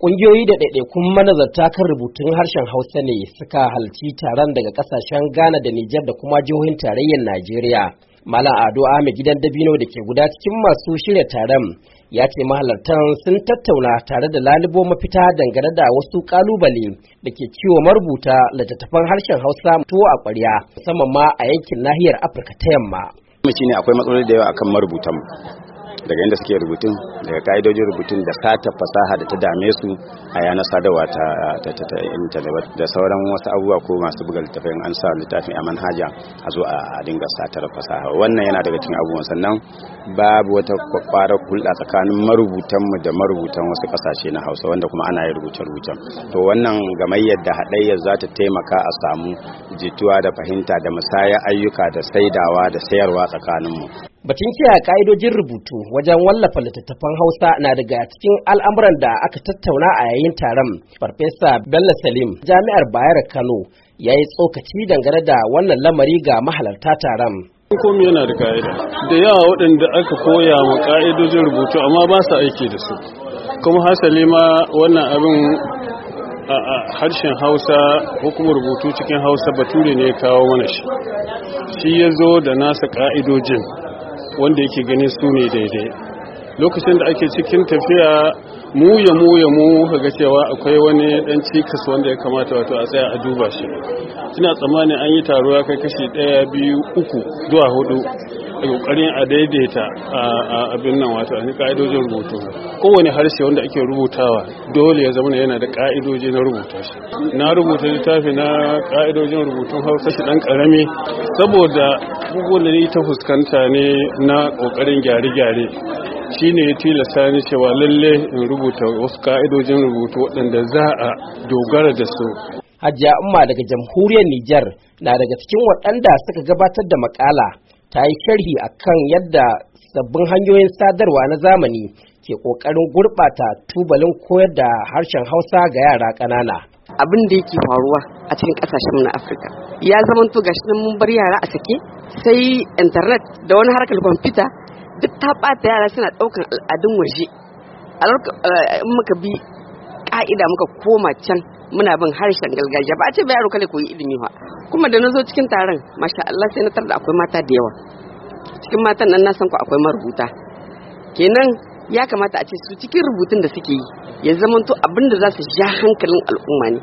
Ƙungiyoyi da ɗaiɗaikun manazarta kan rubutun harshen Hausa ne suka halci taron daga ƙasashen Ghana da Nijar da kuma jihohin tarayyar Najeriya. Malam Ado Ahmed gidan Dabino da ke guda cikin masu shirya taron ya ce mahalartan sun tattauna tare da lalibo mafita dangane da wasu kalubale da ke ciwo marubuta littattafan harshen Hausa tuwo a ƙwarya musamman ma a yankin nahiyar Afirka ta yamma. Mu shine akwai matsaloli da yawa akan marubutan daga inda suke rubutun daga ka'idojin rubutun da sata fasaha da ta dame su a yanar sadarwa ta intanet da sauran wasu abubuwa ko masu buga littafin an sa littafin a manhaja a zo a dinga satar fasaha wannan yana daga cikin abubuwan sannan babu wata kwakwara hulɗa tsakanin marubutan mu da marubutan wasu ƙasashe na hausa wanda kuma ana yi rubuce to wannan gamayyar da haɗayyar za ta taimaka a samu jituwa da fahimta da musaya ayyuka da saidawa da sayarwa tsakanin mu. Batun kiyaye ka'idojin rubutu wajen wallafa littattafan Hausa na daga cikin al'amuran da aka tattauna a yayin taron. Farfesa Bello Salim, Jami'ar Bayero Kano, ya yi tsokaci dangane da wannan lamari ga mahalarta taron. komi yana da ka'ida da yawa waɗanda aka koya ma ka'idojin rubutu amma ba su aiki da su kuma hasali ma wannan abin a harshen hausa hukumar rubutu cikin hausa bature ne kawo mana shi shi ya zo da nasa ka'idojin wanda yake gani su ne daidai lokacin da ake cikin tafiya mu ya mu ya mu ga cewa akwai wani dan cikas wanda ya kamata wato a tsaya a duba shi suna tsammanin an yi taruwa kai kashi ɗaya biyu uku zuwa hudu kokarin a daidaita abin nan wato a ka'idojin rubutu kowane harshe wanda ake rubutawa dole ya zama yana da ka'idoji na rubuta na rubuta littafi na ka'idojin rubutu hausa shi dan karami saboda bugun da ni ta fuskanta ne na kokarin gyare-gyare shi ne ya tilasta ni cewa lalle in rubuta wasu ka'idojin rubutu waɗanda za a dogara da su Hajiya Umma daga jamhuriyar Nijar na daga cikin waɗanda suka gabatar da makala ta yi sharhi a kan yadda sabbin hanyoyin sadarwa na zamani ke ƙoƙarin gurɓata tubalin koyar da harshen hausa ga yara ƙanana abin da yake faruwa a cikin ƙasashen na afirka ya zama to gashi mun bar yara a sake sai internet da wani harkar kwamfuta duk ta ɓata yara suna ɗaukan al'adun waje eh, in muka bi ƙa'ida muka koma can muna bin harshen gargajiya ba a ce ba yaro kale koyi ilimi ba kuma da na zo cikin taron masha Allah sai na tarda akwai mata da yawa cikin matan nan na san ku akwai marubuta kenan ya kamata a ce su cikin rubutun da suke yi ya zamanto abin da za su ja hankalin al'umma ne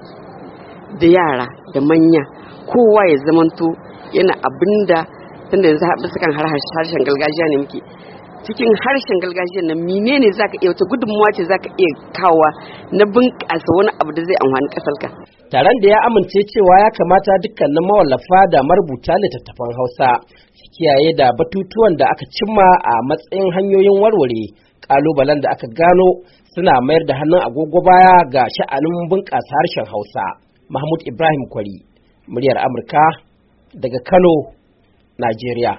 da yara da manya kowa ya zamanto yana abin da tunda yanzu haɓe sukan harshen gargajiya ne muke cikin harshen gargajiyar nan menene zaka iya wata gudunmuwa ce zaka iya kawa na bunƙasa wani abu da zai amfani ƙasar taron da ya amince cewa ya kamata na mawallafa da marubuta littattafan Hausa su kiyaye da batutuwan da aka cimma a matsayin hanyoyin warware kalubalen da aka gano suna mayar da hannun agogo baya ga sha'anin bunƙasa harshen Hausa Mahmud Ibrahim Kwari muryar Amurka daga Kano Najeriya